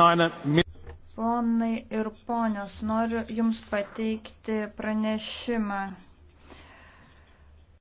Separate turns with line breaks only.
Ponai
ir ponios, noriu Jums pateikti pranešimą.